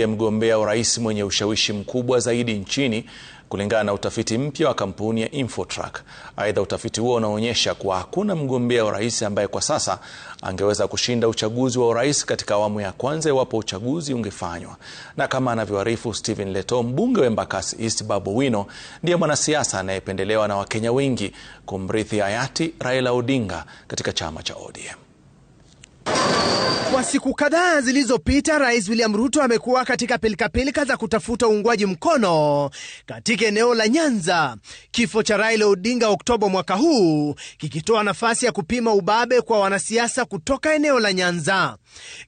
ya mgombea urais mwenye ushawishi mkubwa zaidi nchini kulingana na utafiti mpya wa kampuni ya Infotrack. Aidha, utafiti huo unaonyesha kuwa hakuna mgombea urais ambaye kwa sasa angeweza kushinda uchaguzi wa urais katika awamu ya kwanza iwapo uchaguzi ungefanywa. Na kama anavyoarifu Stephen Leto, mbunge wa Embakasi East Babu Owino ndiye mwanasiasa anayependelewa na Wakenya wengi kumrithi hayati Raila Odinga katika chama cha ODM. Kwa siku kadhaa zilizopita, Rais William Ruto amekuwa katika pilikapilika za kutafuta uungwaji mkono katika eneo la Nyanza, kifo cha Raila Odinga Oktoba mwaka huu kikitoa nafasi ya kupima ubabe kwa wanasiasa kutoka eneo la Nyanza.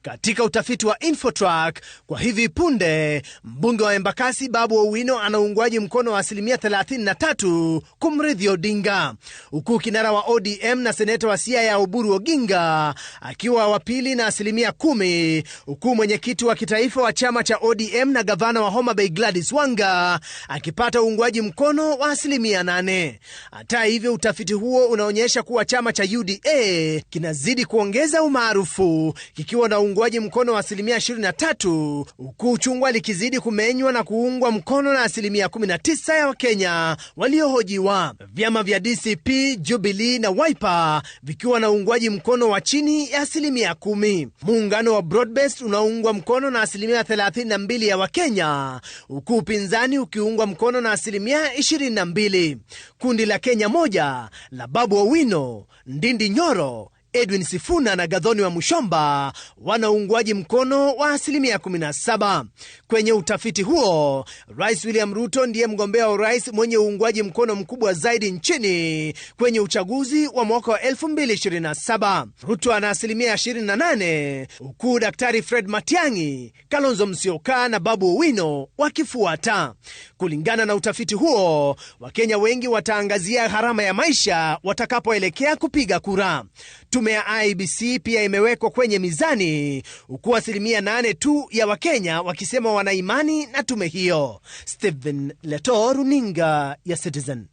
Katika utafiti wa Infotrack kwa hivi punde, mbunge wa Embakasi Babu Owino ana uungwaji mkono wa asilimia 33 kumrithi Odinga, huku kinara wa ODM na seneta wa Siaya Oburu Oginga akiwa wa pili na asilimia asilimia kumi, huku mwenyekiti wa kitaifa wa chama cha ODM na gavana wa Homa Bay Gladys Wanga akipata uungwaji mkono wa asilimia nane. Hata hivyo, utafiti huo unaonyesha kuwa chama cha UDA kinazidi kuongeza umaarufu kikiwa na uungwaji mkono wa asilimia 23, huku chungwa likizidi kumenywa na kuungwa mkono na asilimia 19 ya Wakenya waliohojiwa. Vyama vya DCP, Jubilee na Wiper vikiwa na uungwaji mkono wa chini ya asilimia kumi. Muungano wa Broadbest unaungwa mkono na asilimia 32 ya Wakenya, huku upinzani ukiungwa mkono na asilimia 22. Kundi la Kenya moja la Babu Owino, Ndindi Nyoro Edwin Sifuna na Gadhoni wa Mushomba wana uungwaji mkono wa asilimia 17. Kwenye utafiti huo, Rais William Ruto ndiye mgombea wa urais mwenye uungwaji mkono mkubwa zaidi nchini kwenye uchaguzi wa mwaka wa 2027. Ruto ana asilimia 28, huku Daktari Fred Matiang'i, Kalonzo Musyoka na Babu Owino wakifuata. Kulingana na utafiti huo, Wakenya wengi wataangazia gharama ya maisha watakapoelekea kupiga kura. Tum Tume ya IBC pia imewekwa kwenye mizani, huku asilimia nane tu ya Wakenya wakisema wanaimani na tume hiyo. Stephen Leto, runinga ya Citizen.